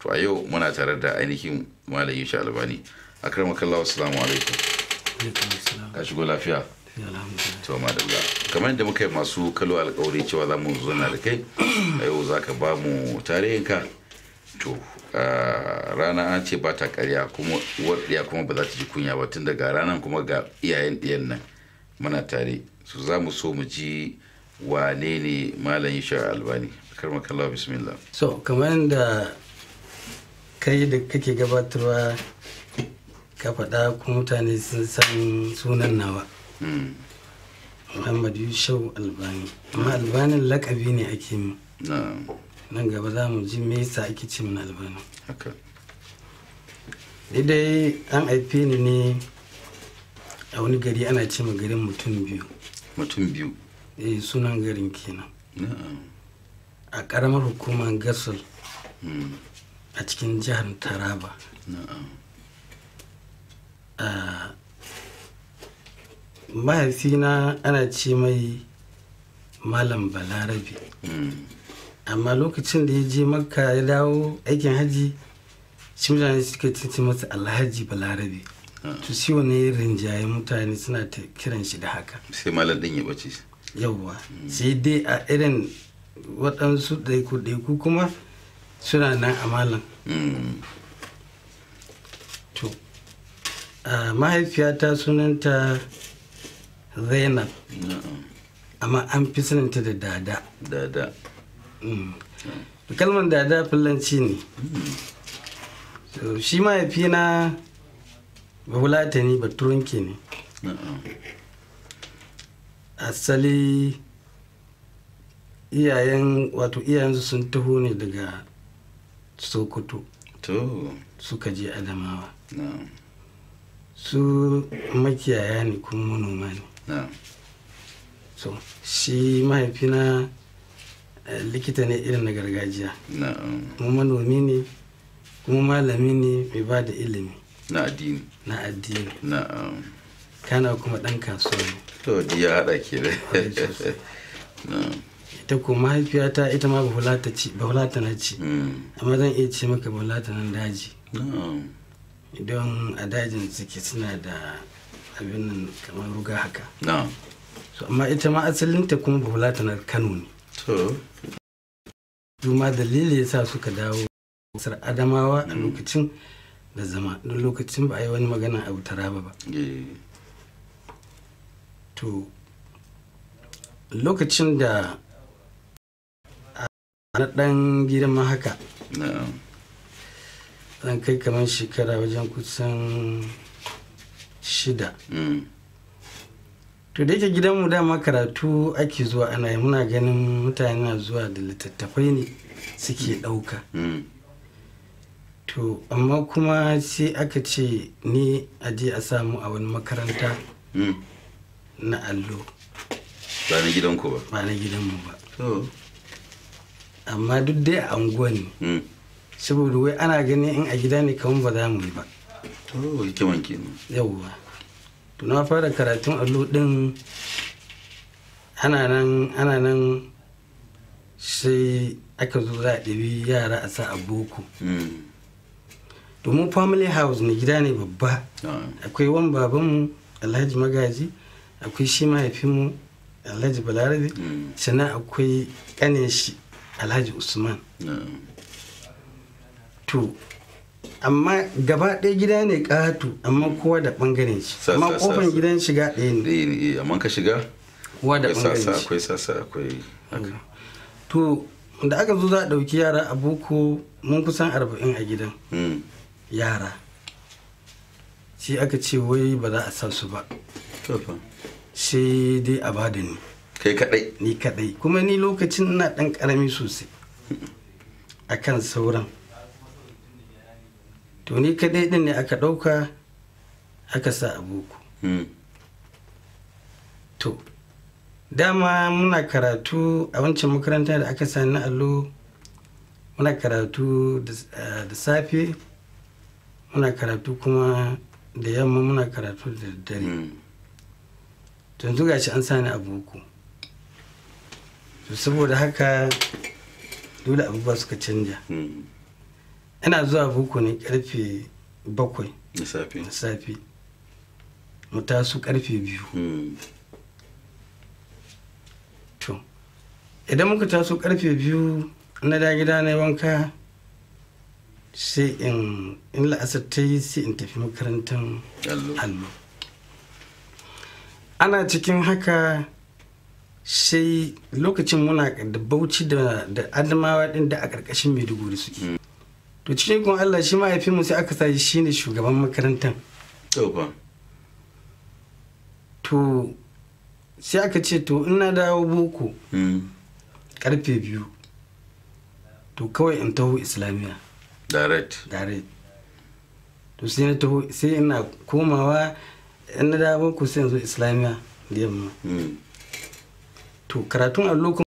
to a yau muna tare da ainihin malam yusha albani akrama kallahu salamu alaikum ka shigo lafiya to madalla kamar yadda muka yi masu kalo alkawari cewa za mu zauna da kai a yau za ka ba mu tarihinka to rana an ce ba ta karya kuma wadda ɗiya kuma ba za ta ji kunya ba tun daga ranar kuma ga iyayen ɗiyan nan muna tare su za mu so mu ji wane ne malam yusha albani makalla bismillah so kamar yadda kai da kake gabatarwa ka faɗa kuma mutane sun san sunan nawa hmm. muhammad yushau albani amma albanin lakabi ne ake mu nan gaba za mu ji me yasa ake ce mun albani dai an haife ni ne a wani gari ana ce ma garin mutum biyu mutum biyu eh sunan garin kenan a ƙaramar hukumar gasol hmm. a cikin jihar taraba ah, mahaifina ana ce mai malam balarabe hmm. amma lokacin da ya je maka ya dawo aikin hajji shi mutane suka cinci masa alhaji balarabe ah. to shi wani rinjaye mutane suna ta kiran shi da haka sai malam din ya bace yauwa hmm. sai dai a irin waɗansu ɗaiku-ɗaiku kuma suna nan a malam hmm. to mahaifiyata sunanta zainab amma an fi sunanta da dada dada hmm. kalmar dada fulanci ne hmm. shi mahaifina bahulata ne baturanki ne asali iyayen wato iyayensu sun taho ne daga sokoto suka je adamawa su makiyaya ne kuma manoma ne so shi mahaifina eh, likita ne irin na gargajiya kuma manomi ne kuma malami ne mai ba da ilimi na addini na addini kana kuma dan kasuwa ne to ya haɗa ke da ita ko mahaifiyata ita ma bahulata ci bahulata na ci mm. amma zan iya ce maka bahulata nan daji don a dajin suke suna da abin nan kamar ruga haka so amma ita ma asalinta kuma bahulata na kano ne to ma dalili ya sa suka dawo kasar adamawa a mm. lokacin da zama don lokacin ba a yi wani magana a wutara ba ba to lokacin da na ɗan girma haka ɗan kai kamar shekara wajen kusan shida mm. to da yake gidanmu dama karatu ake zuwa ana yi muna ganin mutane na zuwa da littattafai ne suke ɗauka mm. to amma kuma sai aka ce ni a je a samu a wani makaranta mm. na allo ba na gidanku ba ba na gidanmu ba amma duk dai a anguwan ne hmm. saboda wai ana ganin in a gida ne kamar ba za mu yi ba yawwa to na fara karatun allo din ana nan sai aka zo za a ɗabi yara a sa a boko hmm. domin family house ne gida ne babba ah. akwai wan babanmu alhaji magaji akwai shi mahaifinmu alhaji balarabe hmm. sannan akwai kanin shi alhaji usman to amma gaba ɗaya gida ne ƙatu amma kowa da ɓangaren shi amma kofan gidan shiga ɗaya ne eh, amma ka shiga kowa da ɓangaren shi akwai sasa akwai mm. to da aka zo za a ɗauki yara a boko mun kusan arba'in a gidan mm. yara shi aka ce wai ba za a sa su ba sai dai a bada ni kai kadai ni kadai kuma ni lokacin na dan karami sosai akan sauran to ni kadai din ne aka dauka aka sa a boko hmm. to dama muna karatu a wancan makaranta da aka sa na allo muna karatu eh, da safe muna karatu kuma da yamma muna karatu da dare hmm. tun zuga shi an sani a boko saboda haka dole abubuwa suka canja hmm. ina zuwa boko ne karfe bakwai na safe mu karfe biyu hmm. to idan muka taso karfe biyu na da gida na wanka sai in in la'asar ta yi sai in tafi makarantar allo ana cikin haka sai lokacin muna da bauchi da adamawa din da a ƙarƙashin maiduguri suke mm. to cikin kun allah shi mahaifinmu sai aka sashi shine shugaban makarantar to sai aka ce to ina dawo boko karfe mm. biyu to kawai in taho islamiyya direct direct to sai na taho sai ina komawa in na dawo boko sai in zo islamiyya da yamma mm. to karatun allo